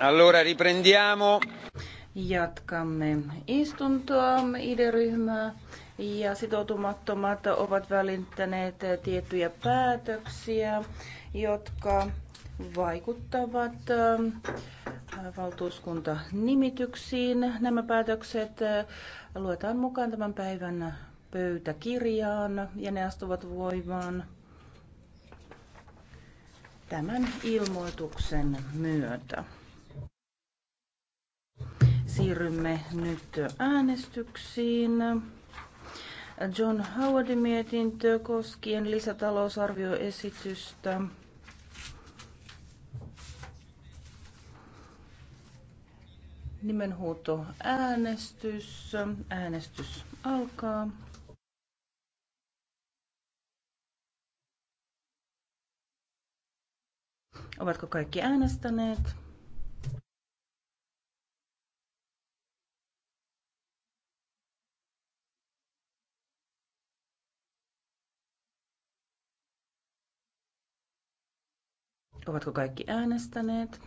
Allora riprendiamo. Jatkamme istuntoa ideryhmää ja sitoutumattomat ovat välittäneet tiettyjä päätöksiä, jotka vaikuttavat äh, valtuuskuntanimityksiin. Nämä päätökset äh, luetaan mukaan tämän päivän pöytäkirjaan ja ne astuvat voimaan tämän ilmoituksen myötä siirrymme nyt äänestyksiin. John Howardin mietintö koskien lisätalousarvioesitystä. Nimenhuuto äänestys. Äänestys alkaa. Ovatko kaikki äänestäneet? Ovatko kaikki äänestäneet?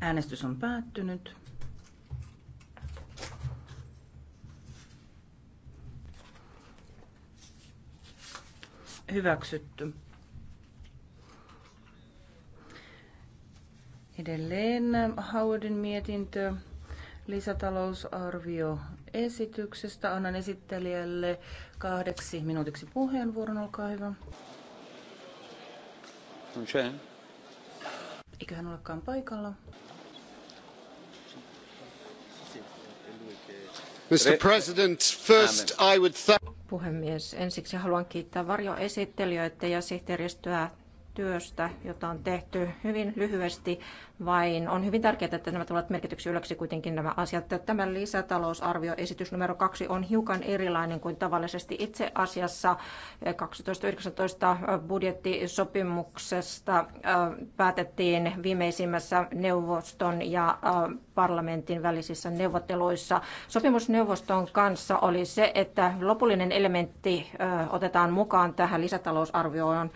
Äänestys on päättynyt. Hyväksytty. Edelleen Howardin mietintö, lisätalousarvio esityksestä. Annan esittelijälle kahdeksi minuutiksi puheenvuoron. Olkaa hyvä. Eikö hän olekaan paikalla? Mr. President, first I would thank puhemies. Ensiksi haluan kiittää varjoesittelijöitä ja sihteeristöä työstä, jota on tehty hyvin lyhyesti, vain on hyvin tärkeää, että nämä tulevat merkityksi yleksi kuitenkin nämä asiat. Tämä lisätalousarvioesitys numero kaksi on hiukan erilainen kuin tavallisesti itse asiassa 2019 budjettisopimuksesta päätettiin viimeisimmässä neuvoston ja parlamentin välisissä neuvotteluissa. Sopimusneuvoston kanssa oli se, että lopullinen elementti otetaan mukaan tähän lisätalousarvioon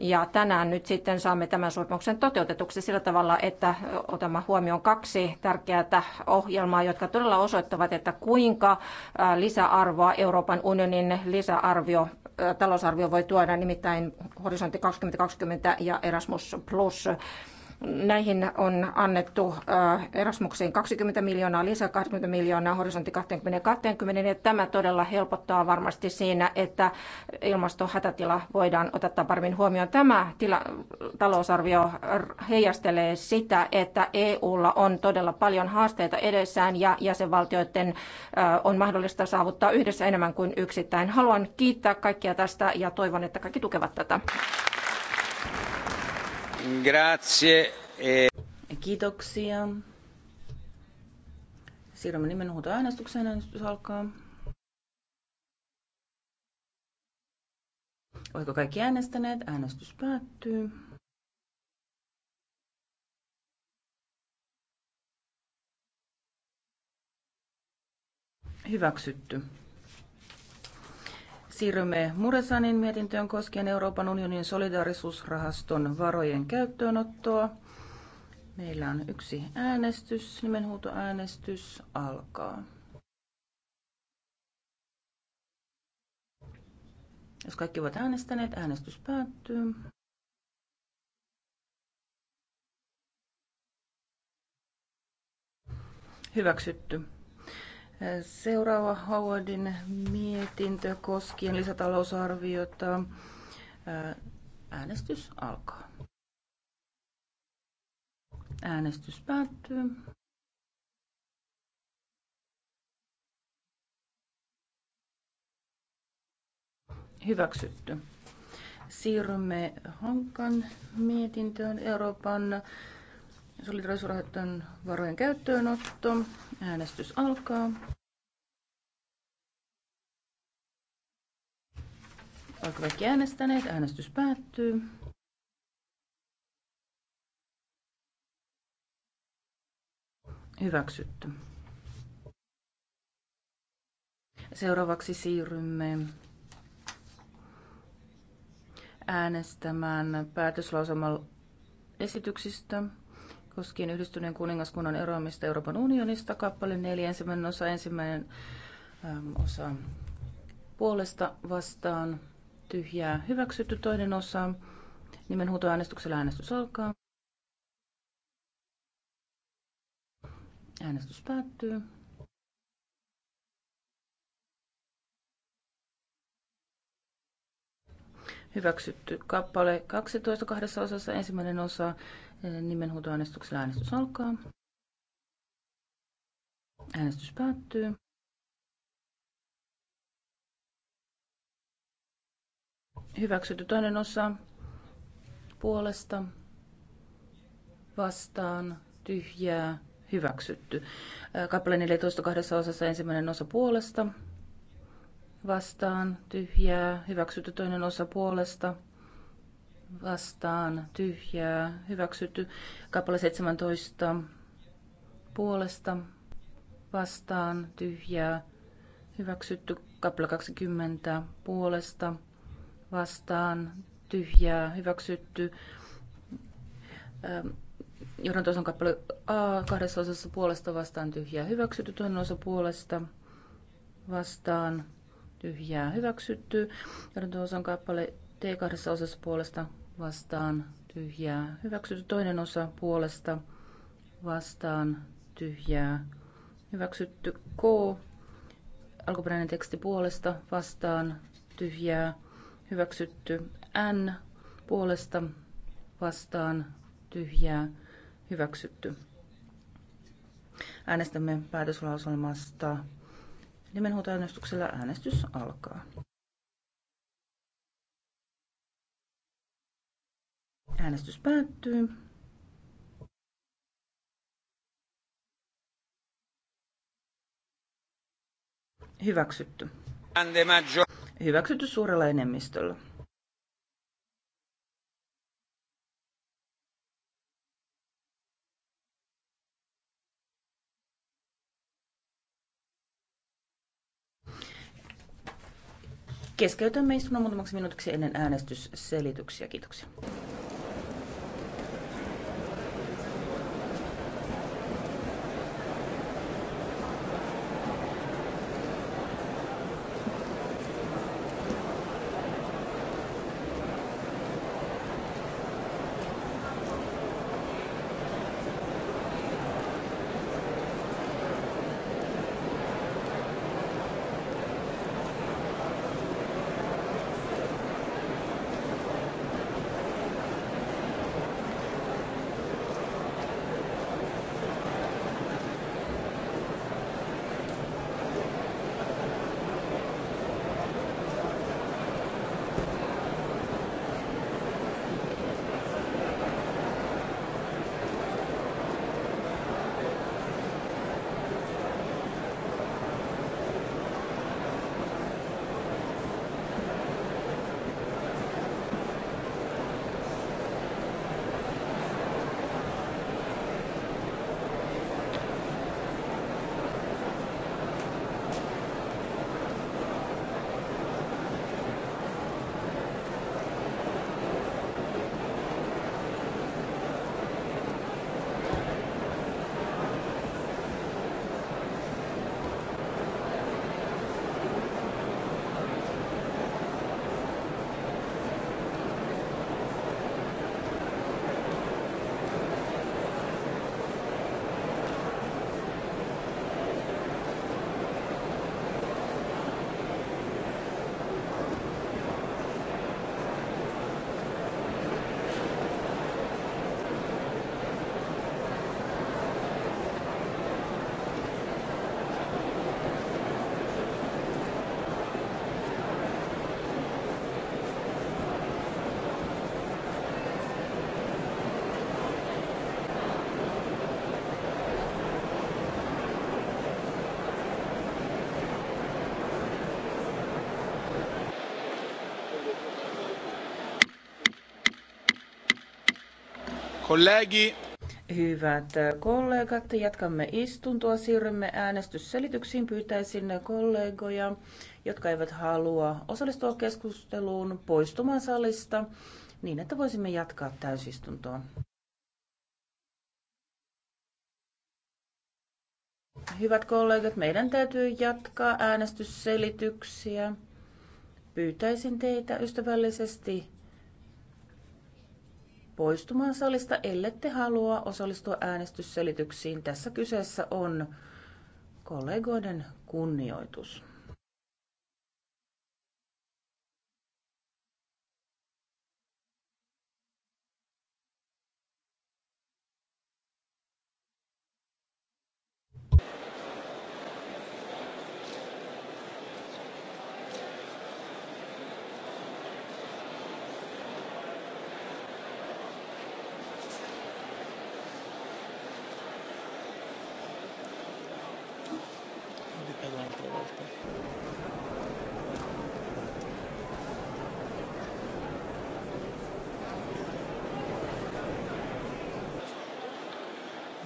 ja tänään nyt sitten saamme tämän sopimuksen toteutetuksi sillä tavalla, että otamme huomioon kaksi tärkeää ohjelmaa, jotka todella osoittavat, että kuinka lisäarvoa Euroopan unionin lisäarvio talousarvio voi tuoda, nimittäin Horisontti 2020 ja Erasmus Plus. Näihin on annettu äh, Erasmukseen 20 miljoonaa, lisää 20 miljoonaa, horisontti 20 20, ja tämä todella helpottaa varmasti siinä, että ilmastohätätila voidaan ottaa paremmin huomioon. Tämä tila, talousarvio heijastelee sitä, että EUlla on todella paljon haasteita edessään ja jäsenvaltioiden äh, on mahdollista saavuttaa yhdessä enemmän kuin yksittäin. Haluan kiittää kaikkia tästä ja toivon, että kaikki tukevat tätä. Grazie. E- Kiitoksia. Siirrymme nimenhuutoäänestykseen. Äänestys alkaa. Oliko kaikki äänestäneet? Äänestys päättyy. Hyväksytty. Siirrymme Muresanin mietintöön koskien Euroopan unionin solidaarisuusrahaston varojen käyttöönottoa. Meillä on yksi äänestys, nimenhuutoäänestys alkaa. Jos kaikki ovat äänestäneet, äänestys päättyy. Hyväksytty. Seuraava Howardin mietintö koskien lisätalousarviota. Äänestys alkaa. Äänestys päättyy. Hyväksytty. Siirrymme Honkan mietintöön Euroopan Solidarisuusrahoittajan varojen käyttöönotto. Äänestys alkaa. Oletko kaikki äänestäneet? Äänestys päättyy. Hyväksytty. Seuraavaksi siirrymme äänestämään päätöslauselman esityksistä koskien yhdistyneen kuningaskunnan eroamista Euroopan unionista, kappale 4, ensimmäinen osa, ensimmäinen äm, osa puolesta vastaan, tyhjää hyväksytty, toinen osa, nimenhuutoäänestyksellä äänestys alkaa. Äänestys päättyy. Hyväksytty kappale 12 kahdessa osassa ensimmäinen osa Nimenhuutoäänestyksellä äänestys alkaa. Äänestys päättyy. Hyväksytty toinen osa puolesta vastaan tyhjää hyväksytty. Kappale 14 kahdessa osassa ensimmäinen osa puolesta vastaan tyhjää hyväksytty toinen osa puolesta vastaan tyhjää hyväksytty. Kappale 17 puolesta vastaan tyhjää hyväksytty. Kappale 20 puolesta vastaan tyhjää hyväksytty. Johdantoson kappale A kahdessa osassa puolesta vastaan tyhjää hyväksytty, toinen osa puolesta vastaan tyhjää hyväksytty. on kappale T kahdessa osassa puolesta vastaan tyhjää. Hyväksytty toinen osa puolesta vastaan tyhjää. Hyväksytty K. Alkuperäinen teksti puolesta vastaan tyhjää. Hyväksytty N puolesta vastaan tyhjää. Hyväksytty. Äänestämme päätöslauselmasta. Nimenhuutoäänestyksellä äänestys alkaa. Äänestys päättyy. Hyväksytty. Hyväksytty suurella enemmistöllä. Keskeytämme istunnon muutamaksi minuutiksi ennen äänestysselityksiä. Kiitoksia. Hyvät kollegat, jatkamme istuntoa, siirrymme äänestysselityksiin. Pyytäisin kollegoja, jotka eivät halua osallistua keskusteluun, poistumaan salista niin, että voisimme jatkaa täysistuntoa. Hyvät kollegat, meidän täytyy jatkaa äänestysselityksiä. Pyytäisin teitä ystävällisesti poistumaan salista, ellette halua osallistua äänestysselityksiin. Tässä kyseessä on kollegoiden kunnioitus.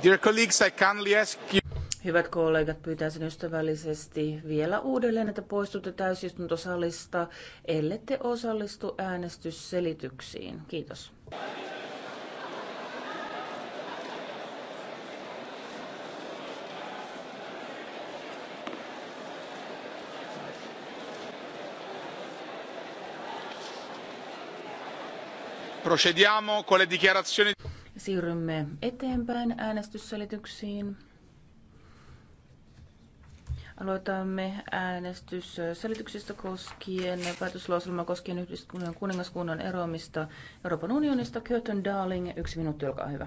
Dear colleagues, I kindly ask you... Hyvät kollegat, pyytäisin ystävällisesti vielä uudelleen, että poistutte täysistuntosalista, ellette osallistu äänestysselityksiin. Kiitos. Procediamo con le dichiarazioni. Siirrymme eteenpäin äänestysselityksiin. Aloitamme äänestysselityksistä koskien päätöslauselmaa koskien yhdistyneen kuningaskunnan eroamista Euroopan unionista. Curtin Darling, yksi minuutti, olkaa hyvä.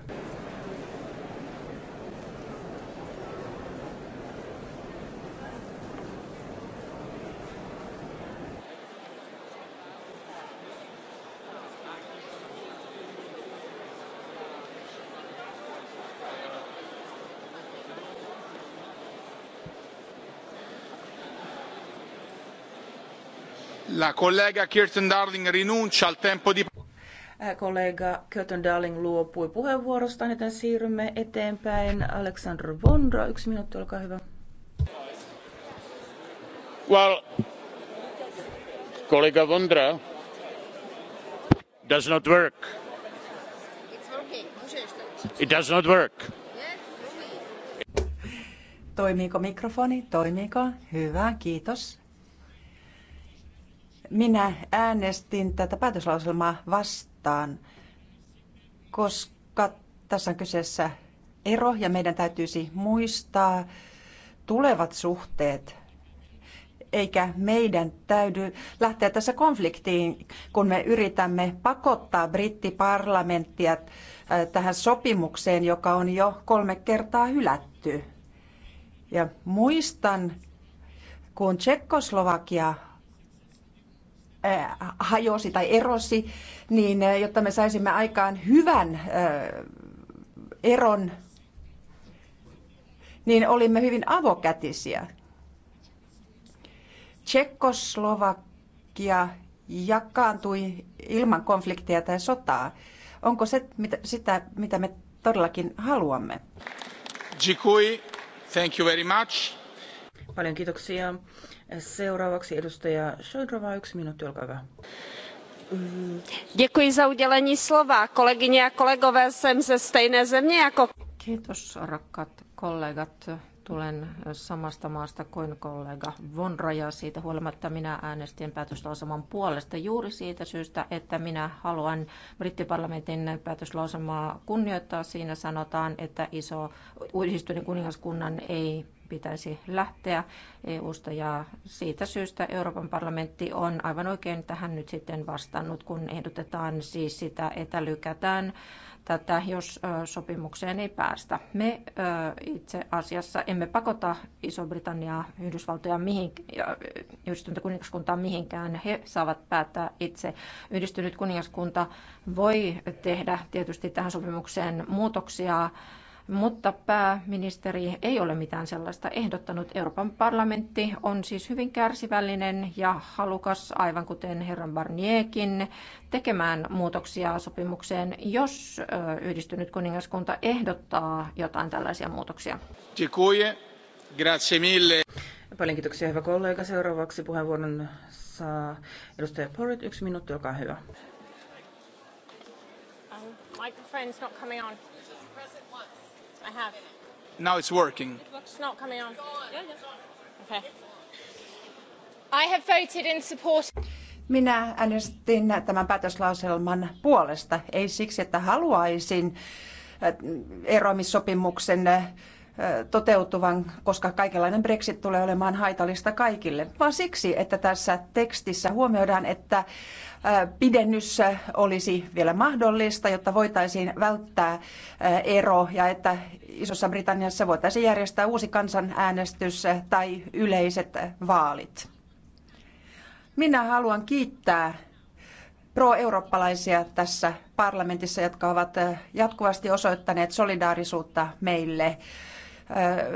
La collega Kirsten Darling rinuncia al tempo di... Äh, kollega Kirsten Darling luopui puheenvuorostaan, joten siirrymme eteenpäin. Aleksandr Vondra, yksi minuutti, olkaa hyvä. Well, kollega Vondra does not work. It does not work. Toimiiko mikrofoni? Toimiiko? Hyvä, kiitos. Minä äänestin tätä päätöslauselmaa vastaan, koska tässä on kyseessä ero ja meidän täytyisi muistaa tulevat suhteet eikä meidän täydy lähteä tässä konfliktiin, kun me yritämme pakottaa brittiparlamenttia äh, tähän sopimukseen, joka on jo kolme kertaa hylätty. Ja muistan, kun Tsekkoslovakia Äh, hajosi tai erosi, niin äh, jotta me saisimme aikaan hyvän äh, eron, niin olimme hyvin avokätisiä. Tsekkoslovakia jakaantui ilman konflikteja tai sotaa. Onko se mitä, sitä, mitä me todellakin haluamme? thank you very much. Paljon kiitoksia. Seuraavaksi edustaja Šojdrova, yksi minuutti, olkaa hyvä. Děkuji za udělení slova. Kolegyně a kolegové, jsem ze stejné země jako... Kiitos rakkaat kollegat. Tulen samasta maasta kuin kollega Von ja siitä huolimatta minä äänestin päätöslauselman puolesta juuri siitä syystä, että minä haluan brittiparlamentin päätöslauselmaa kunnioittaa. Siinä sanotaan, että iso uudistunut kuningaskunnan ei pitäisi lähteä EU-sta ja siitä syystä Euroopan parlamentti on aivan oikein tähän nyt sitten vastannut, kun ehdotetaan siis sitä, että lykätään tätä, jos sopimukseen ei päästä. Me itse asiassa emme pakota Iso-Britanniaa, Yhdysvaltoja, yhdistynyt kuningaskuntaa mihinkään. He saavat päättää itse. Yhdistynyt kuningaskunta voi tehdä tietysti tähän sopimukseen muutoksia, mutta pääministeri ei ole mitään sellaista ehdottanut. Euroopan parlamentti on siis hyvin kärsivällinen ja halukas, aivan kuten herran Barnierkin, tekemään muutoksia sopimukseen, jos yhdistynyt kuningaskunta ehdottaa jotain tällaisia muutoksia. Tikuye. Grazie mille. Paljon kiitoksia, hyvä kollega. Seuraavaksi puheenvuoron saa edustaja Porrit. Yksi minuutti, olkaa hyvä. Um, microphone's not coming on. I have. Now it's working. It's not coming on. Yeah, yeah. Okay. I have voted in support. Minä äänestin tämän päätöslauselman puolesta, ei siksi, että haluaisin äh, eroamissopimuksen äh, toteutuvan, koska kaikenlainen Brexit tulee olemaan haitallista kaikille, vaan siksi, että tässä tekstissä huomioidaan, että pidennys olisi vielä mahdollista, jotta voitaisiin välttää ero ja että Isossa Britanniassa voitaisiin järjestää uusi kansanäänestys tai yleiset vaalit. Minä haluan kiittää pro-eurooppalaisia tässä parlamentissa, jotka ovat jatkuvasti osoittaneet solidaarisuutta meille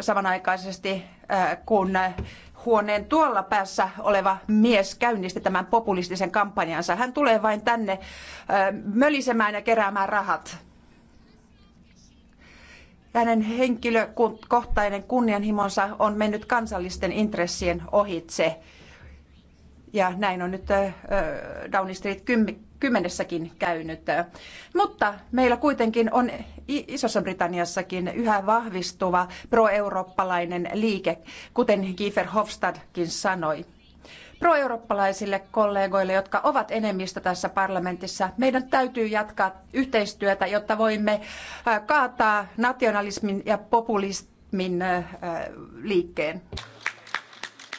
samanaikaisesti, kun huoneen tuolla päässä oleva mies käynnisti tämän populistisen kampanjansa. Hän tulee vain tänne mölisemään ja keräämään rahat. Hänen henkilökohtainen kunnianhimonsa on mennyt kansallisten intressien ohitse. Ja näin on nyt Downing Street kymmenessäkin käynyt. Mutta meillä kuitenkin on Isossa Britanniassakin yhä vahvistuva pro-eurooppalainen liike, kuten Giefer Hofstadkin sanoi. Pro-eurooppalaisille kollegoille, jotka ovat enemmistö tässä parlamentissa, meidän täytyy jatkaa yhteistyötä, jotta voimme kaataa nationalismin ja populismin liikkeen.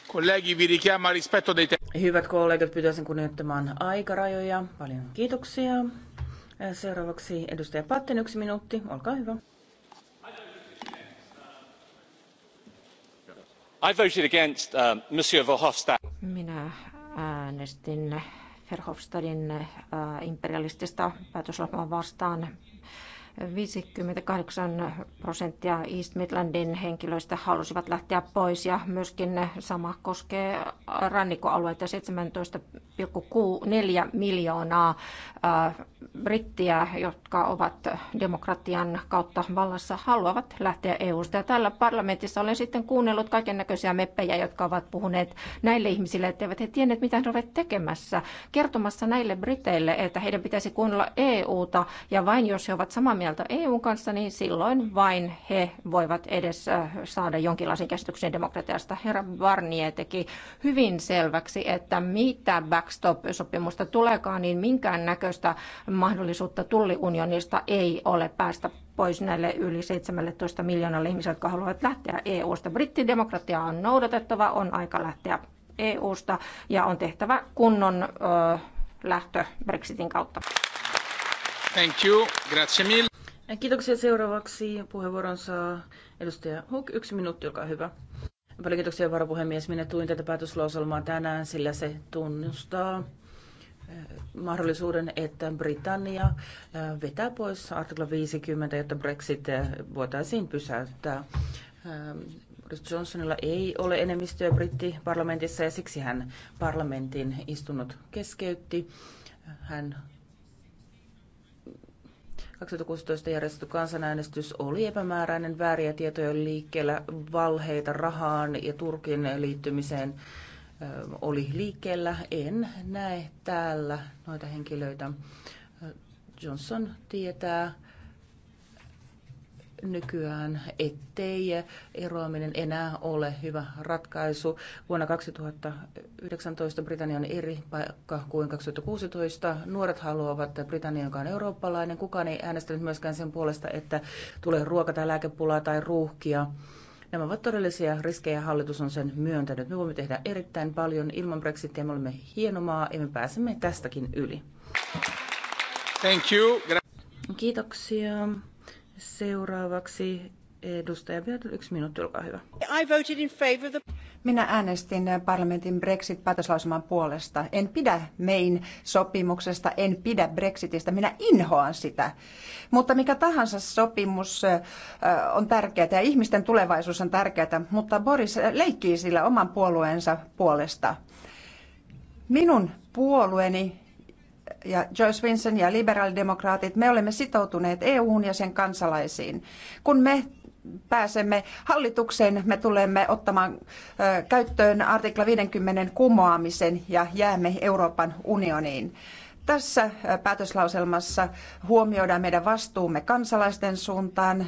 Kollegi, vi richiamo al rispetto dei Hyvät kollegat, pyytäisin kunnioittamaan aikarajoja. Paljon kiitoksia. Seuraavaksi edustaja Patten, yksi minuutti. Olkaa hyvä. I voted against uh, Monsieur Verhofstadt. Minä äänestin Verhofstadin uh, imperialistista päätöslapaa vastaan. 58 prosenttia East Midlandin henkilöistä halusivat lähteä pois ja myöskin sama koskee rannikkoalueita 17,4 miljoonaa äh, brittiä, jotka ovat demokratian kautta vallassa, haluavat lähteä EU-sta. Ja täällä parlamentissa olen sitten kuunnellut kaiken näköisiä meppejä, jotka ovat puhuneet näille ihmisille, eivät he tienneet, mitä he ovat tekemässä, kertomassa näille briteille, että heidän pitäisi kuunnella EUta ja vain jos he ovat samaa mieltä mieltä EUn kanssa, niin silloin vain he voivat edes äh, saada jonkinlaisen käsityksen demokratiasta. Herra Barnier teki hyvin selväksi, että mitä backstop-sopimusta tuleekaan, niin minkään näköistä mahdollisuutta tulliunionista ei ole päästä pois näille yli 17 miljoonalle ihmisille, jotka haluavat lähteä EUsta. Brittidemokratia on noudatettava, on aika lähteä EUsta ja on tehtävä kunnon ö, lähtö Brexitin kautta. Thank you. Grazie mille. Kiitoksia. Seuraavaksi puheenvuoron saa edustaja Huk. Yksi minuutti, olkaa hyvä. Paljon kiitoksia varapuhemies. Minä tuin tätä päätöslauselmaa tänään, sillä se tunnustaa eh, mahdollisuuden, että Britannia eh, vetää pois artikla 50, jotta Brexit eh, voitaisiin pysäyttää. Boris Johnsonilla ei ole enemmistöä brittiparlamentissa ja siksi hän parlamentin istunnot keskeytti. Hän 2016 järjestetty kansanäänestys oli epämääräinen vääriä tietoja liikkeellä, valheita rahaan ja Turkin liittymiseen oli liikkeellä. En näe täällä noita henkilöitä. Johnson tietää nykyään, ettei eroaminen enää ole hyvä ratkaisu. Vuonna 2019 Britannia on eri paikka kuin 2016. Nuoret haluavat Britannia, joka on eurooppalainen. Kukaan ei äänestänyt myöskään sen puolesta, että tulee ruoka- tai lääkepulaa tai ruuhkia. Nämä ovat todellisia riskejä, hallitus on sen myöntänyt. Me voimme tehdä erittäin paljon ilman Brexitia. Me olemme hienomaa ja me pääsemme tästäkin yli. Thank you. Kiitoksia. Seuraavaksi edustaja vielä yksi minuutti, olkaa hyvä. I voted in favor of the... Minä äänestin parlamentin Brexit-päätöslausuman puolesta. En pidä mein sopimuksesta, en pidä Brexitistä, minä inhoan sitä. Mutta mikä tahansa sopimus on tärkeää ja ihmisten tulevaisuus on tärkeää, mutta Boris leikkii sillä oman puolueensa puolesta. Minun puolueeni ja Joe Swinson ja liberaalidemokraatit, me olemme sitoutuneet EU-hun ja sen kansalaisiin. Kun me pääsemme hallitukseen, me tulemme ottamaan käyttöön artikla 50 kumoamisen ja jäämme Euroopan unioniin. Tässä päätöslauselmassa huomioidaan meidän vastuumme kansalaisten suuntaan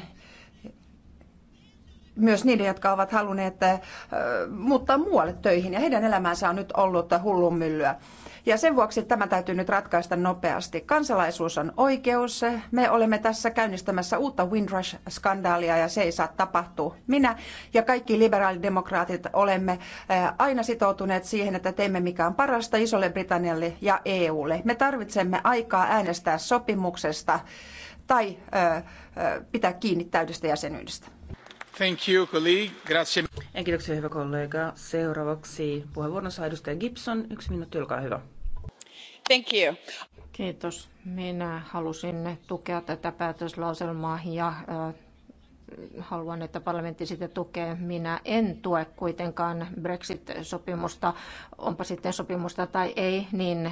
myös niiden, jotka ovat halunneet äh, muuttaa muualle töihin ja heidän elämänsä on nyt ollut myllyä. Ja sen vuoksi tämä täytyy nyt ratkaista nopeasti. Kansalaisuus on oikeus. Me olemme tässä käynnistämässä uutta Windrush-skandaalia ja se ei saa tapahtua. Minä ja kaikki liberaalidemokraatit olemme äh, aina sitoutuneet siihen, että teemme mikä on parasta Isolle Britannialle ja EUlle. Me tarvitsemme aikaa äänestää sopimuksesta tai äh, pitää kiinni täydestä jäsenyydestä. Thank Kiitoksia, hyvä kollega. Seuraavaksi puheenvuoron saa edustaja Gibson. Yksi minuutti, olkaa hyvä. Thank you. Kiitos. Minä halusin tukea tätä päätöslauselmaa ja haluan, että parlamentti sitä tukee. Minä en tue kuitenkaan Brexit-sopimusta, onpa sitten sopimusta tai ei, niin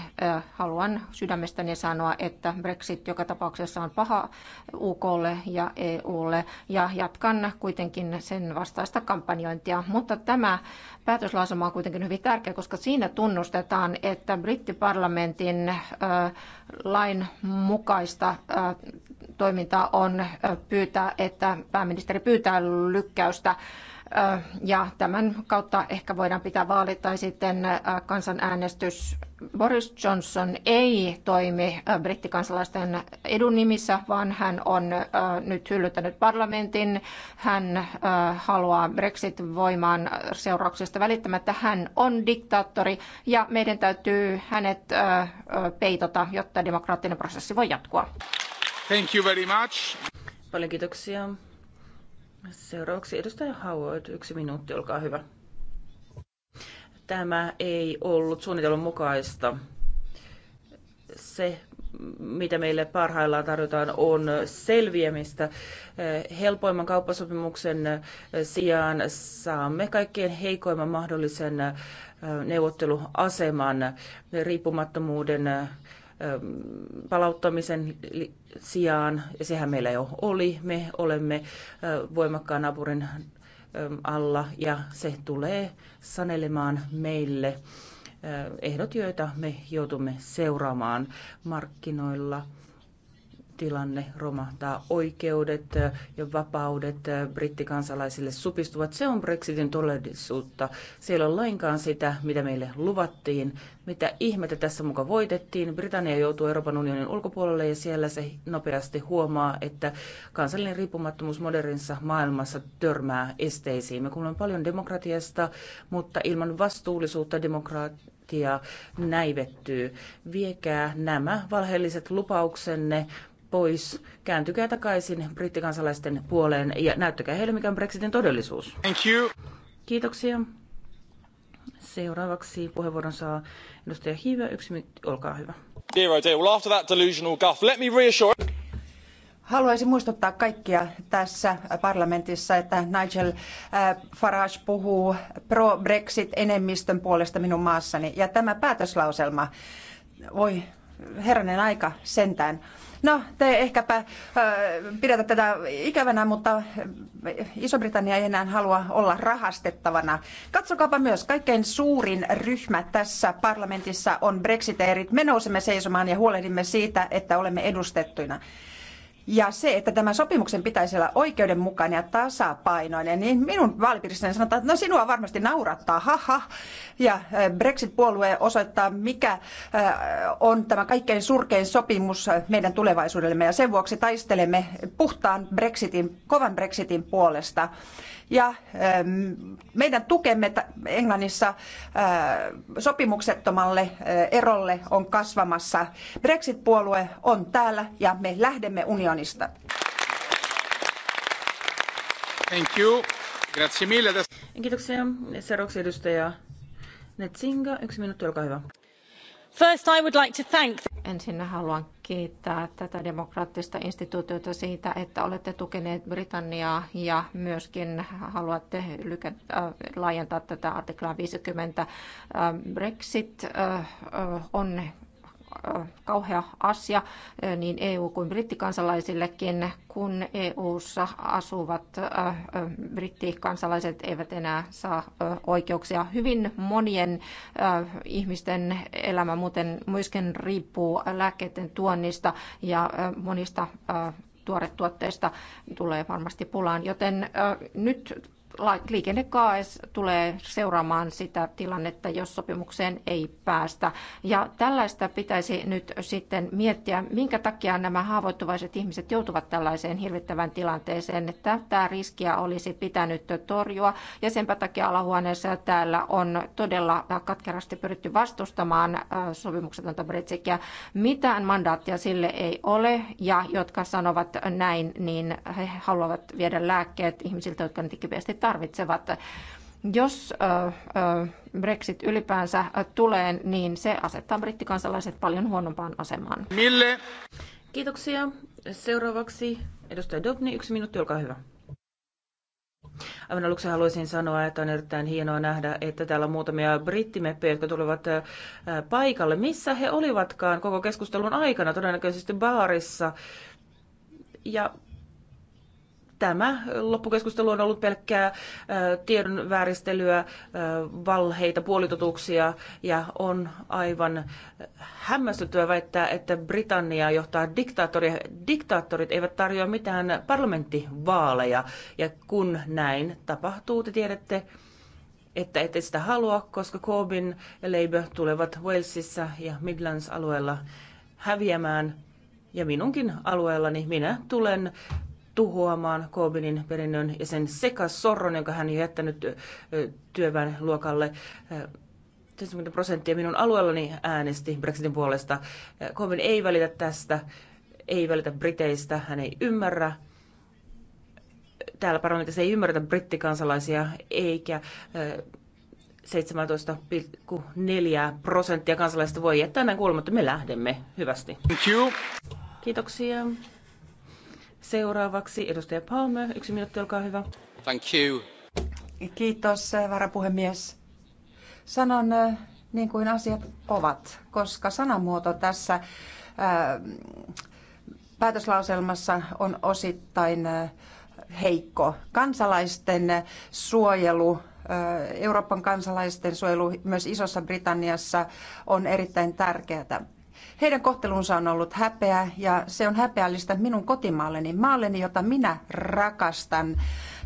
haluan sydämestäni sanoa, että Brexit joka tapauksessa on paha UKlle ja EUlle ja jatkan kuitenkin sen vastaista kampanjointia. Mutta tämä päätöslausuma on kuitenkin hyvin tärkeä, koska siinä tunnustetaan, että brittiparlamentin lain mukaista toimintaa on pyytää, että pääministeri pyytää lykkäystä ja tämän kautta ehkä voidaan pitää vaali tai sitten kansanäänestys. Boris Johnson ei toimi brittikansalaisten edun nimissä, vaan hän on nyt hyllyttänyt parlamentin. Hän haluaa Brexit voimaan seurauksista välittämättä. Hän on diktaattori ja meidän täytyy hänet peitota, jotta demokraattinen prosessi voi jatkua. Thank you very much. Paljon kiitoksia. Seuraavaksi edustaja Howard, yksi minuutti, olkaa hyvä. Tämä ei ollut suunnitelman mukaista. Se, mitä meille parhaillaan tarjotaan, on selviämistä. Helpoimman kauppasopimuksen sijaan saamme kaikkein heikoimman mahdollisen neuvotteluaseman riippumattomuuden Ähm, palauttamisen sijaan, ja sehän meillä jo oli, me olemme äh, voimakkaan naapurin ähm, alla ja se tulee sanelemaan meille äh, ehdot, joita me joudumme seuraamaan markkinoilla – tilanne romahtaa. Oikeudet ja vapaudet brittikansalaisille supistuvat. Se on Brexitin todellisuutta. Siellä on lainkaan sitä, mitä meille luvattiin. Mitä ihmettä tässä muka voitettiin. Britannia joutuu Euroopan unionin ulkopuolelle ja siellä se nopeasti huomaa, että kansallinen riippumattomuus modernissa maailmassa törmää esteisiin. Me kuulemme paljon demokratiasta, mutta ilman vastuullisuutta demokraattia näivettyy. Viekää nämä valheelliset lupauksenne pois. Kääntykää takaisin brittikansalaisten puoleen ja näyttäkää heille, mikä on Brexitin todellisuus. Thank you. Kiitoksia. Seuraavaksi puheenvuoron saa edustaja Hiivä. Yksi minuutti, olkaa hyvä. Dear oh dear. Well, after that delusional guff, let me reassure... Haluaisin muistuttaa kaikkia tässä parlamentissa, että Nigel äh, Farage puhuu pro-Brexit-enemmistön puolesta minun maassani. Ja tämä päätöslauselma, voi herranen aika sentään No, te ehkäpä äh, pidätte tätä ikävänä, mutta Iso-Britannia ei enää halua olla rahastettavana. Katsokaapa myös, kaikkein suurin ryhmä tässä parlamentissa on brexiteerit. Me nousemme seisomaan ja huolehdimme siitä, että olemme edustettuina. Ja se, että tämän sopimuksen pitäisi olla oikeudenmukainen ja tasapainoinen, niin minun vaalipiirissäni sanotaan, että no sinua varmasti naurattaa, haha. Ja Brexit-puolue osoittaa, mikä on tämä kaikkein surkein sopimus meidän tulevaisuudellemme. Ja sen vuoksi taistelemme puhtaan Brexitin, kovan Brexitin puolesta. Ja meidän tukemme Englannissa sopimuksettomalle erolle on kasvamassa. Brexit-puolue on täällä ja me lähdemme unionin Irlannista. Thank you. Grazie mille. Kiitoksia. Seuraavaksi edustaja Netsinga. Yksi minuutti, olkaa hyvä. First, I would like to thank... Ensinnä haluan kiittää tätä demokraattista instituutiota siitä, että olette tukeneet Britanniaa ja myöskin haluatte lykä, äh, laajentaa tätä artiklaa 50. Äh, Brexit äh, äh on kauhea asia niin EU- kuin brittikansalaisillekin, kun EU:ssa asuvat brittikansalaiset eivät enää saa oikeuksia. Hyvin monien ihmisten elämä muuten myöskin riippuu lääkkeiden tuonnista ja monista tuoretuotteista tulee varmasti pulaan, joten nyt liikennekaes tulee seuraamaan sitä tilannetta, jos sopimukseen ei päästä. Ja tällaista pitäisi nyt sitten miettiä, minkä takia nämä haavoittuvaiset ihmiset joutuvat tällaiseen hirvittävään tilanteeseen. että tämä riskiä olisi pitänyt torjua ja senpä takia alahuoneessa täällä on todella katkerasti pyritty vastustamaan äh, sopimuksetonta Bretsikia. Mitään mandaattia sille ei ole ja jotka sanovat näin, niin he haluavat viedä lääkkeet ihmisiltä, jotka ne tarvitsevat. Jos Brexit ylipäänsä tulee, niin se asettaa brittikansalaiset paljon huonompaan asemaan. Mille? Kiitoksia. Seuraavaksi edustaja Dobni, yksi minuutti, olkaa hyvä. Aivan aluksi haluaisin sanoa, että on erittäin hienoa nähdä, että täällä on muutamia brittimeppejä, jotka tulevat paikalle. Missä he olivatkaan koko keskustelun aikana? Todennäköisesti baarissa. Ja tämä loppukeskustelu on ollut pelkkää tiedon vääristelyä, valheita, puolitotuuksia ja on aivan hämmästyttävä väittää, että Britannia johtaa diktaattoria. Diktaattorit eivät tarjoa mitään parlamenttivaaleja ja kun näin tapahtuu, te tiedätte, että ette sitä halua, koska Corbyn ja Labour tulevat Walesissa ja Midlands-alueella häviämään. Ja minunkin alueellani minä tulen tuhoamaan Kobinin perinnön ja sen sekasorron, jonka hän on jättänyt työväen luokalle. 70 prosenttia minun alueellani äänesti Brexitin puolesta. Corbyn ei välitä tästä, ei välitä Briteistä, hän ei ymmärrä. Täällä parlamentissa ei ymmärretä brittikansalaisia eikä 17,4 prosenttia kansalaisista voi jättää näin kuulematta. Me lähdemme hyvästi. Kiitoksia. Seuraavaksi edustaja Palmer, yksi minuutti, olkaa hyvä. Thank you. Kiitos, varapuhemies. Sanon äh, niin kuin asiat ovat, koska sanamuoto tässä ää, äh, päätöslauselmassa on osittain ää, äh, heikko. Kansalaisten suojelu, Euroopan kansalaisten suojelu myös Isossa Britanniassa on erittäin tärkeää. Heidän kohtelunsa on ollut häpeä ja se on häpeällistä minun kotimaalleni, maalleni, jota minä rakastan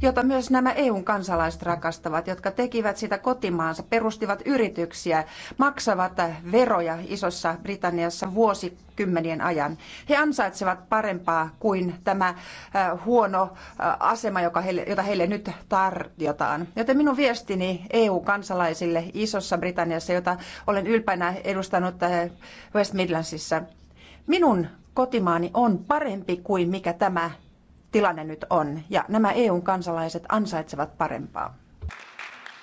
jota myös nämä EUn kansalaiset rakastavat, jotka tekivät sitä kotimaansa, perustivat yrityksiä, maksavat veroja Isossa Britanniassa vuosikymmenien ajan. He ansaitsevat parempaa kuin tämä äh, huono äh, asema, joka heille, jota heille nyt tarjotaan. Joten minun viestini EU-kansalaisille Isossa Britanniassa, jota olen ylpeänä edustanut äh, West Midlandsissa, minun kotimaani on parempi kuin mikä tämä tilanne nyt on. Ja nämä EUn kansalaiset ansaitsevat parempaa.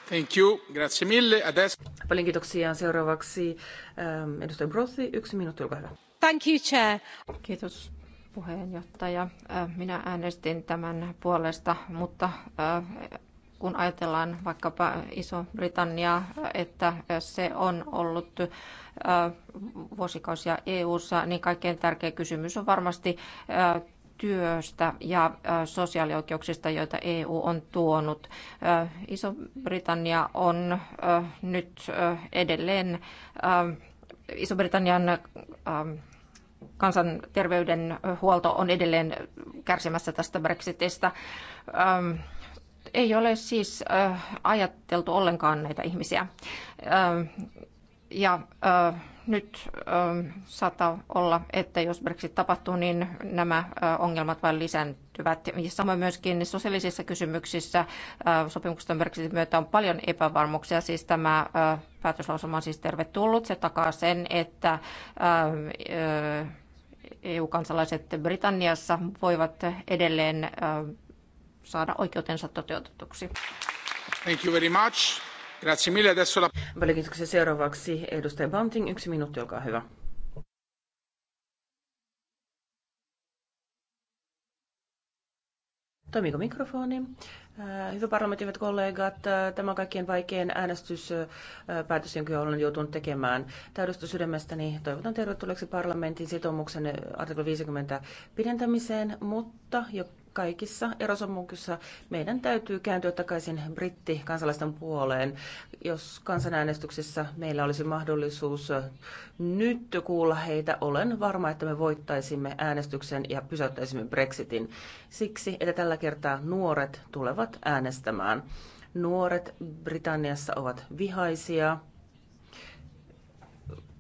Thank you. Grazie mille. Adesso... Paljon kiitoksia. Seuraavaksi ähm, edustaja Brothi, yksi minuutti, olkaa hyvä. Thank you, Chair. Kiitos puheenjohtaja. Äh, minä äänestin tämän puolesta, mutta äh, kun ajatellaan vaikkapa Iso-Britanniaa, että se on ollut äh, vuosikausia EU-ssa, niin kaikkein tärkeä kysymys on varmasti työstä ja sosiaalioikeuksista, joita EU on tuonut. Iso-Britannia on nyt edelleen Iso-Britannian kansanterveyden huolto on edelleen kärsimässä tästä Brexitistä. Ei ole siis ajateltu ollenkaan näitä ihmisiä. Ja nyt saattaa olla, että jos Brexit tapahtuu, niin nämä ongelmat vain lisääntyvät. Ja samoin myöskin sosiaalisissa kysymyksissä sopimuksesta Brexitin myötä on paljon epävarmuuksia. Siis tämä päätöslausuma on siis tervetullut. Se takaa sen, että EU-kansalaiset Britanniassa voivat edelleen saada oikeutensa toteutetuksi. Thank you very much. Grazie seuraavaksi edustaja Banting. Yksi minuutti, olkaa hyvä. Toimiiko mikrofoni? Äh, hyvä parlamentti, hyvät kollegat. Äh, tämä on kaikkien vaikein äänestyspäätös, jonka olen joutunut tekemään. Täydestä sydämestäni toivotan tervetulleeksi parlamentin sitoumuksen artikla 50 pidentämiseen, mutta jo kaikissa erosopimuksissa meidän täytyy kääntyä takaisin britti kansalaisten puoleen. Jos kansanäänestyksessä meillä olisi mahdollisuus nyt kuulla heitä, olen varma, että me voittaisimme äänestyksen ja pysäyttäisimme Brexitin. Siksi, että tällä kertaa nuoret tulevat äänestämään. Nuoret Britanniassa ovat vihaisia,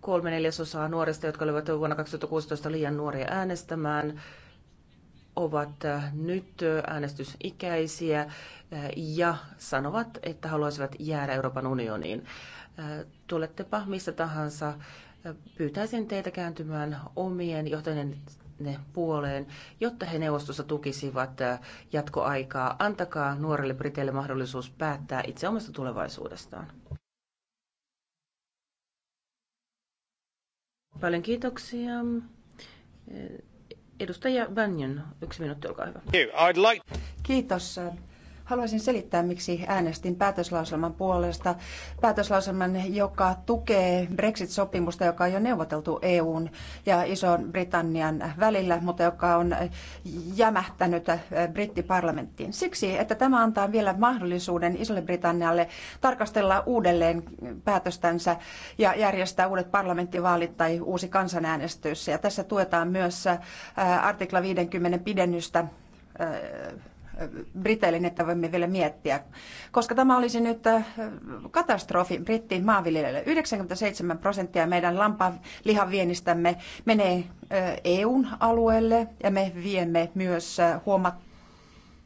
kolme neljäsosaa nuorista, jotka olivat vuonna 2016 liian nuoria äänestämään, ovat äh, nyt äh, äänestysikäisiä äh, ja sanovat, että haluaisivat jäädä Euroopan unioniin. Tulettepa missä tahansa, pyytäisin teitä kääntymään omien johtajien puoleen, jotta he neuvostossa tukisivat jatkoaikaa. Antakaa nuorille Briteille mahdollisuus päättää itse omasta tulevaisuudestaan. Paljon kiitoksia. Edustaja Bannion, yksi minuutti, olkaa hyvä. Kiitos. Haluaisin selittää, miksi äänestin päätöslauselman puolesta. Päätöslauselman, joka tukee Brexit-sopimusta, joka on jo neuvoteltu EUn ja Ison-Britannian välillä, mutta joka on jämähtänyt brittiparlamenttiin. Siksi, että tämä antaa vielä mahdollisuuden Isolle-Britannialle tarkastella uudelleen päätöstänsä ja järjestää uudet parlamenttivaalit tai uusi kansanäänestys. Ja tässä tuetaan myös artikla 50 pidennystä Briteille, niin että voimme vielä miettiä. Koska tämä olisi nyt äh, katastrofi brittiin maanviljelijöille. 97 prosenttia meidän lampalihan viennistämme menee äh, EUn alueelle ja me viemme myös äh, huomattavasti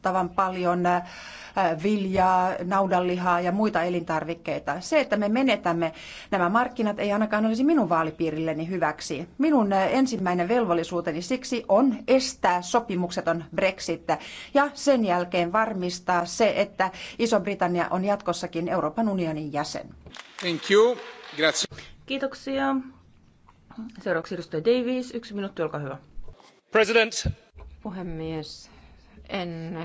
valtavan paljon äh, viljaa, naudanlihaa ja muita elintarvikkeita. Se, että me menetämme nämä markkinat, ei ainakaan olisi minun vaalipiirilleni hyväksi. Minun äh, ensimmäinen velvollisuuteni siksi on estää sopimukseton Brexit ja sen jälkeen varmistaa se, että Iso-Britannia on jatkossakin Euroopan unionin jäsen. Thank you. Grazie. Kiitoksia. Seuraavaksi edustaja Davies. Yksi minuutti, olkaa hyvä. President. Puhemies, en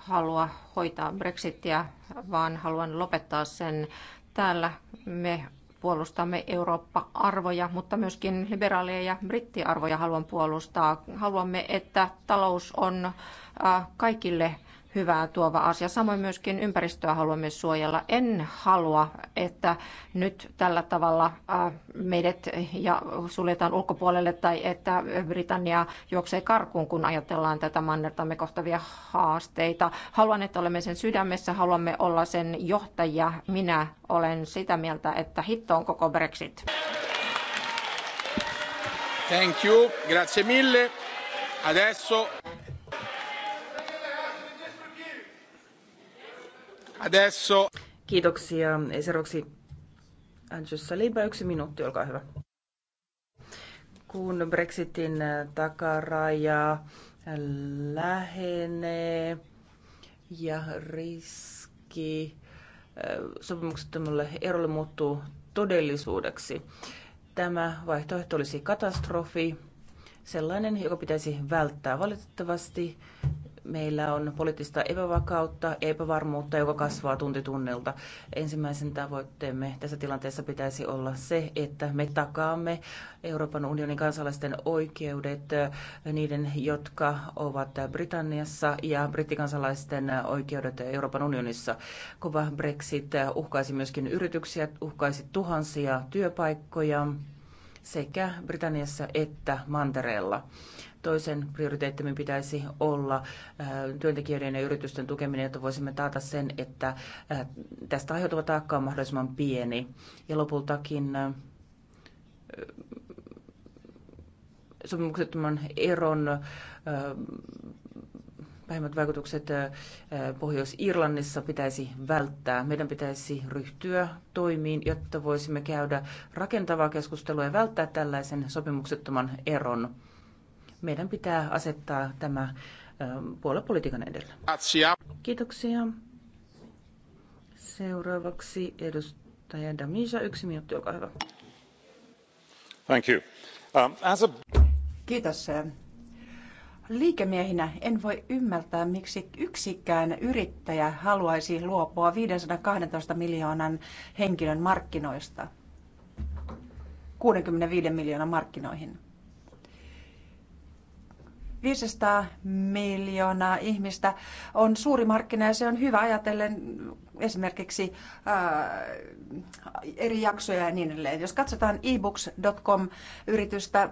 halua hoitaa Brexitia, vaan haluan lopettaa sen. Täällä me puolustamme Eurooppa-arvoja, mutta myöskin liberaaleja ja brittiarvoja haluan puolustaa. Haluamme, että talous on äh, kaikille hyvää tuova asia. Samoin myöskin ympäristöä haluamme suojella. En halua, että nyt tällä tavalla äh, meidät ja suljetaan ulkopuolelle tai että Britannia juoksee karkuun, kun ajatellaan tätä mannertamme kohtavia haasteita. Haluan, että olemme sen sydämessä, haluamme olla sen johtajia. Minä olen sitä mieltä, että hitto on koko Brexit. Thank you, grazie mille. Adesso... Adesso. Kiitoksia. Seuraavaksi Andrew Saliba, yksi minuutti, olkaa hyvä. Kun Brexitin takaraja lähenee ja riski äh, sopimuksettomalle erolle muuttuu todellisuudeksi. Tämä vaihtoehto olisi katastrofi, sellainen, joka pitäisi välttää. Valitettavasti meillä on poliittista epävakautta ja epävarmuutta, joka kasvaa tunti Ensimmäisen tavoitteemme tässä tilanteessa pitäisi olla se, että me takaamme Euroopan unionin kansalaisten oikeudet niiden, jotka ovat Britanniassa ja brittikansalaisten oikeudet Euroopan unionissa. Kova Brexit uhkaisi myöskin yrityksiä, uhkaisi tuhansia työpaikkoja sekä Britanniassa että mantereella. Toisen prioriteettimme pitäisi olla äh, työntekijöiden ja yritysten tukeminen, jotta voisimme taata sen, että äh, tästä aiheutuva taakka on mahdollisimman pieni. Ja lopultakin äh, sopimuksettoman eron vähemmät vaikutukset Pohjois-Irlannissa pitäisi välttää. Meidän pitäisi ryhtyä toimiin, jotta voisimme käydä rakentavaa keskustelua ja välttää tällaisen sopimuksettoman eron meidän pitää asettaa tämä puoluepolitiikan edellä. Kiitoksia. Seuraavaksi edustaja Damisa, yksi minuutti, olkaa hyvä. Thank you. Um, as a... Kiitos. Liikemiehinä en voi ymmärtää, miksi yksikään yrittäjä haluaisi luopua 512 miljoonan henkilön markkinoista 65 miljoonan markkinoihin. 500 miljoonaa ihmistä on suuri markkina ja se on hyvä ajatellen esimerkiksi ää, eri jaksoja ja niin edelleen. Jos katsotaan ebooks.com-yritystä,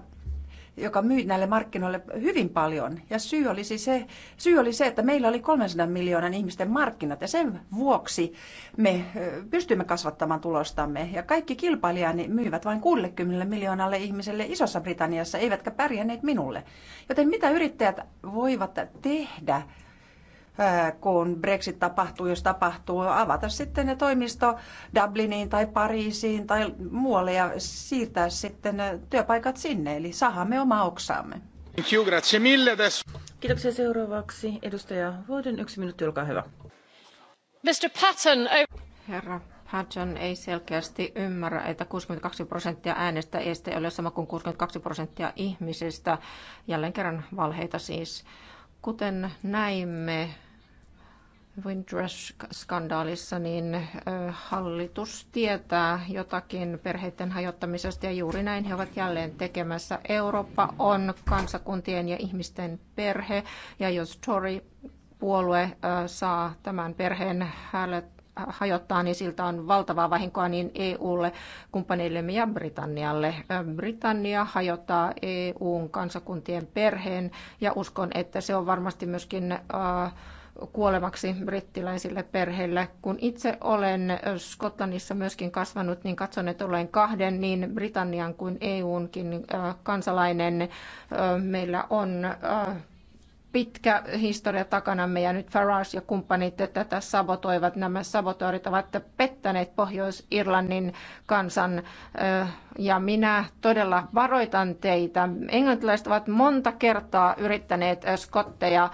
joka myi näille markkinoille hyvin paljon. Ja syy oli, siis se, syy oli se, että meillä oli 300 miljoonan ihmisten markkinat ja sen vuoksi me pystymme kasvattamaan tulostamme. Ja kaikki kilpailijani myivät vain 60 miljoonalle ihmiselle Isossa Britanniassa, eivätkä pärjänneet minulle. Joten mitä yrittäjät voivat tehdä? Äh, kun Brexit tapahtuu, jos tapahtuu, avata sitten ne toimisto Dubliniin tai Pariisiin tai muualle ja siirtää sitten äh, työpaikat sinne. Eli sahamme oma oksaamme. Kiitoksia seuraavaksi. Edustaja Vuoden, yksi minuutti, olkaa hyvä. Mr. Patton, oh- Herra Patton ei selkeästi ymmärrä, että 62 prosenttia äänestäjistä ei ole sama kuin 62 prosenttia ihmisistä. Jälleen kerran valheita siis. Kuten näimme, Windrush-skandaalissa, niin hallitus tietää jotakin perheiden hajottamisesta ja juuri näin he ovat jälleen tekemässä. Eurooppa on kansakuntien ja ihmisten perhe ja jos Tory-puolue saa tämän perheen hajottaa, niin siltä on valtavaa vahinkoa niin EUlle, kumppaneillemme ja Britannialle. Britannia hajottaa EUn kansakuntien perheen ja uskon, että se on varmasti myöskin äh, kuolemaksi brittiläisille perheille. Kun itse olen Skotlannissa myöskin kasvanut, niin katson, että olen kahden niin Britannian kuin EUnkin äh, kansalainen. Äh, meillä on äh, pitkä historia takanamme ja nyt Farage ja kumppanit tätä sabotoivat. Nämä sabotoorit ovat pettäneet Pohjois-Irlannin kansan ja minä todella varoitan teitä. Englantilaiset ovat monta kertaa yrittäneet skotteja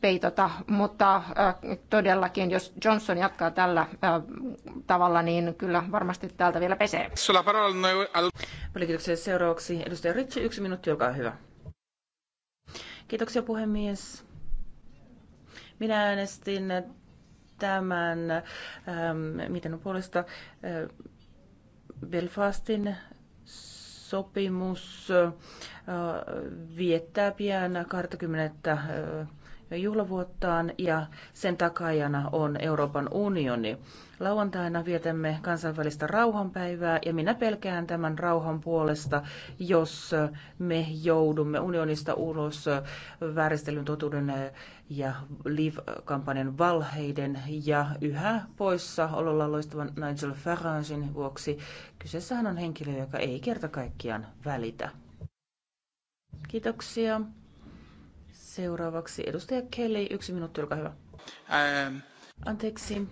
peitota, mutta todellakin, jos Johnson jatkaa tällä tavalla, niin kyllä varmasti täältä vielä pesee. No, Paljon seuraavaksi. Edustaja Ritsi, yksi minuutti, olkaa hyvä. Kiitoksia puhemies. Minä äänestin tämän, ähm, miten on puolesta, äh, Belfastin sopimus äh, viettää pian 20. Äh, juhlavuottaan ja sen takajana on Euroopan unioni. Lauantaina vietämme kansainvälistä rauhanpäivää ja minä pelkään tämän rauhan puolesta, jos me joudumme unionista ulos vääristelyn totuuden ja Live-kampanjan valheiden ja yhä poissa ololla loistavan Nigel Faragein vuoksi. Kyseessähän on henkilö, joka ei kerta kaikkiaan välitä. Kiitoksia. Seuraavaksi edustaja Kelly, yksi minuutti, olkaa hyvä. Ähm. Anteeksi,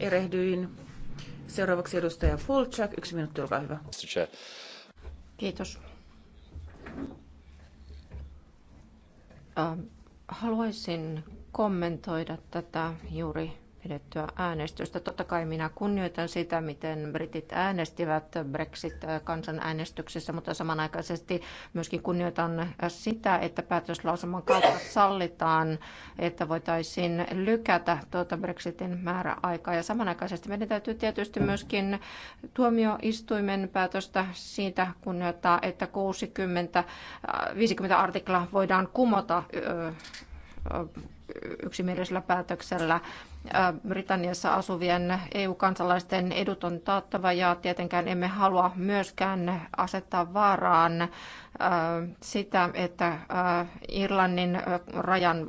erehdyin. Seuraavaksi edustaja Fulchak, yksi minuutti, olkaa hyvä. Kiitos. Ähm, haluaisin kommentoida tätä juuri pidettyä äänestystä. Totta kai minä kunnioitan sitä, miten britit äänestivät Brexit-kansanäänestyksessä, mutta samanaikaisesti myöskin kunnioitan sitä, että päätöslausuman kautta sallitaan, että voitaisiin lykätä tuota Brexitin määräaikaa. Ja samanaikaisesti meidän täytyy tietysti myöskin tuomioistuimen päätöstä siitä kunnioittaa, että 60, 50 artikla voidaan kumota yksimielisellä päätöksellä. Britanniassa asuvien EU-kansalaisten edut on taattava ja tietenkään emme halua myöskään asettaa vaaraan sitä, että Irlannin rajan,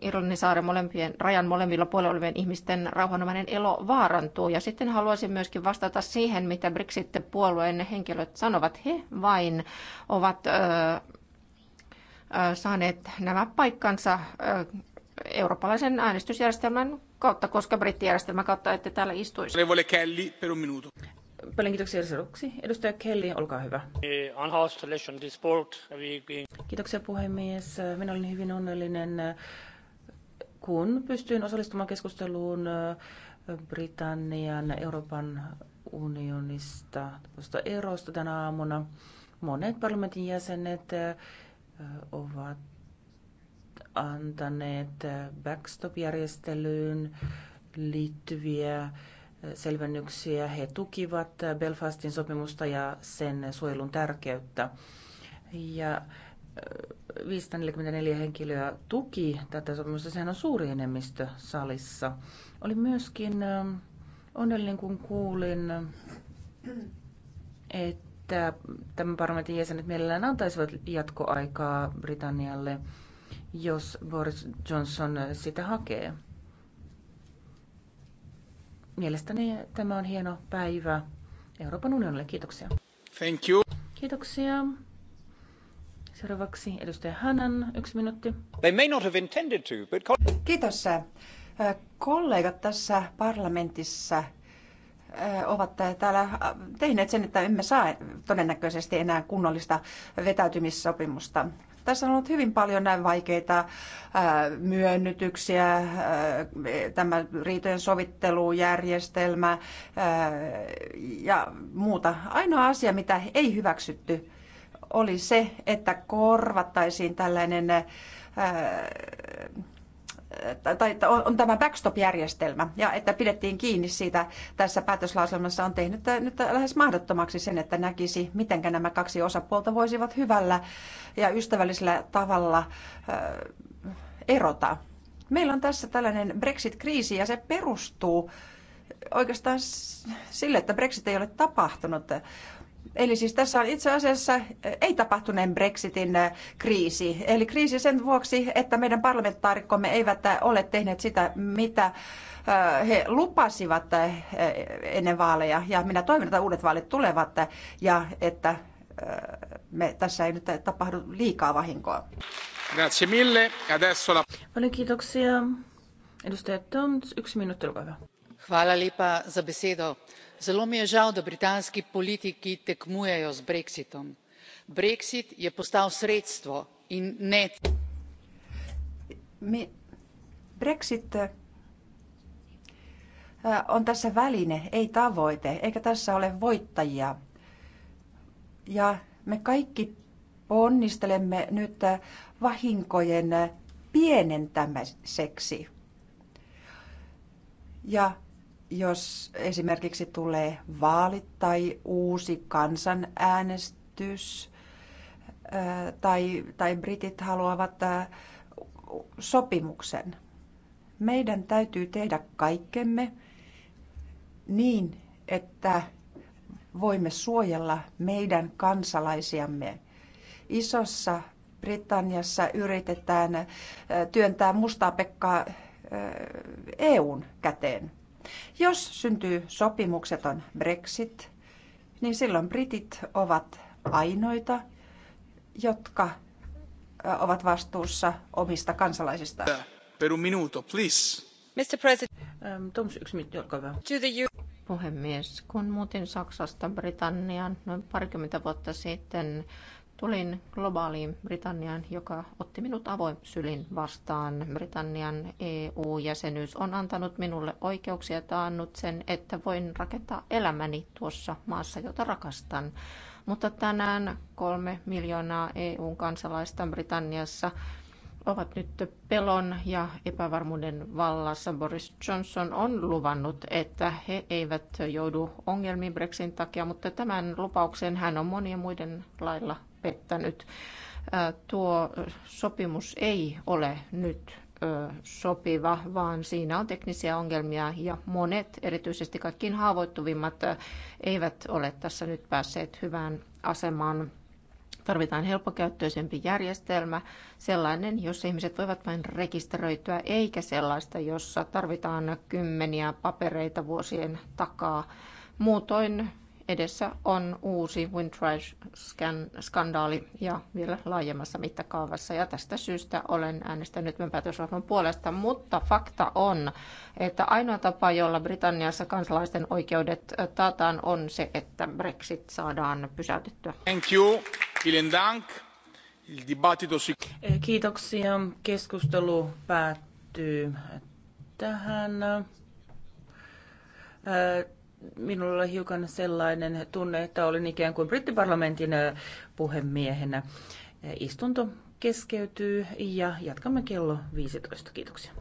Irlannin saaren molempien, rajan molemmilla puolilla olevien ihmisten rauhanomainen elo vaarantuu. Ja sitten haluaisin myöskin vastata siihen, mitä Brexit-puolueen henkilöt sanovat. He vain ovat saaneet nämä paikkansa eurooppalaisen äänestysjärjestelmän kautta, koska brittijärjestelmän kautta ette täällä istuisi. Kelly, per un minuto. Paljon kiitoksia seuraavaksi. Edustaja Kelly, olkaa hyvä. Eh, kiitoksia puhemies. Minä olin hyvin onnellinen, kun pystyin osallistumaan keskusteluun eh, Britannian Euroopan unionista tuosta erosta tänä aamuna. Monet parlamentin jäsenet eh, ovat antaneet backstop-järjestelyyn liittyviä selvennyksiä. He tukivat Belfastin sopimusta ja sen suojelun tärkeyttä. Ja 544 henkilöä tuki tätä sopimusta. Sehän on suuri enemmistö salissa. Oli myöskin onnellinen, kun kuulin, että tämän parlamentin jäsenet mielellään antaisivat jatkoaikaa Britannialle – jos Boris Johnson sitä hakee. Mielestäni tämä on hieno päivä Euroopan unionille. Kiitoksia. Thank you. Kiitoksia. Seuraavaksi edustaja Hannan, yksi minuutti. They may not have intended to, but... Kiitos. Äh, kollegat tässä parlamentissa äh, ovat täällä tehneet sen, että emme saa todennäköisesti enää kunnollista vetäytymissopimusta. Tässä on ollut hyvin paljon näin vaikeita myönnytyksiä, tämä riitojen sovittelujärjestelmä ja muuta. Ainoa asia, mitä ei hyväksytty, oli se, että korvattaisiin tällainen tai että on, tämä backstop-järjestelmä ja että pidettiin kiinni siitä tässä päätöslauselmassa on tehnyt nyt lähes mahdottomaksi sen, että näkisi, miten nämä kaksi osapuolta voisivat hyvällä ja ystävällisellä tavalla erota. Meillä on tässä tällainen Brexit-kriisi ja se perustuu oikeastaan sille, että Brexit ei ole tapahtunut. Eli siis tässä on itse asiassa eh, ei tapahtuneen Brexitin eh, kriisi. Eli kriisi sen vuoksi, että meidän parlamentaarikkomme eivät eh, ole tehneet sitä, mitä he lupasivat ennen vaaleja. Ja minä toivon, että uudet vaalit tulevat ja että me, tässä ei nyt tapahdu liikaa vahinkoa. Grazie mille. E adesso la... Paljon kiitoksia. Edustaja Tons, yksi minuutti, olkaa hyvä. Hvala lipa za besedo zelo mi je žal da britanski politiki tekmujejo z brexitom. brexit je postal sredstvo in ne. brexit eh, on tässä väline ei tavoite eikä tässä ole voittajia ja me kaikki ponnistelemme nyt eh, vahinkojen eh, pienentämiseksi. Ja jos esimerkiksi tulee vaali tai uusi kansanäänestys tai, tai britit haluavat sopimuksen. Meidän täytyy tehdä kaikkemme niin, että voimme suojella meidän kansalaisiamme. Isossa Britanniassa yritetään työntää mustaa pekkaa EUn käteen. Jos syntyy sopimukseton Brexit, niin silloin britit ovat ainoita, jotka ovat vastuussa omista kansalaisista. Per un minuto, please. Mr. President. Um, Toms, yksi minuutti, olkaa hyvä. To the Puhemies, kun muutin Saksasta Britanniaan noin parikymmentä vuotta sitten, tulin globaaliin Britanniaan, joka otti minut avoin sylin vastaan. Britannian EU-jäsenyys on antanut minulle oikeuksia ja taannut sen, että voin rakentaa elämäni tuossa maassa, jota rakastan. Mutta tänään kolme miljoonaa EU-kansalaista Britanniassa ovat nyt pelon ja epävarmuuden vallassa. Boris Johnson on luvannut, että he eivät joudu ongelmiin Brexitin takia, mutta tämän lupauksen hän on monien muiden lailla pettänyt. Tuo sopimus ei ole nyt sopiva, vaan siinä on teknisiä ongelmia ja monet, erityisesti kaikkiin haavoittuvimmat, eivät ole tässä nyt päässeet hyvään asemaan. Tarvitaan helppokäyttöisempi järjestelmä, sellainen, jossa ihmiset voivat vain rekisteröityä, eikä sellaista, jossa tarvitaan kymmeniä papereita vuosien takaa. Muutoin edessä on uusi Windrush-skandaali ja vielä laajemmassa mittakaavassa. Ja tästä syystä olen äänestänyt tämän päätösvahvan puolesta, mutta fakta on, että ainoa tapa, jolla Britanniassa kansalaisten oikeudet taataan, on se, että Brexit saadaan pysäytettyä. Thank you. Vielen dank. Kiitoksia. Keskustelu päättyy tähän minulla oli hiukan sellainen tunne, että olin ikään kuin brittiparlamentin puhemiehenä. Istunto keskeytyy ja jatkamme kello 15. Kiitoksia.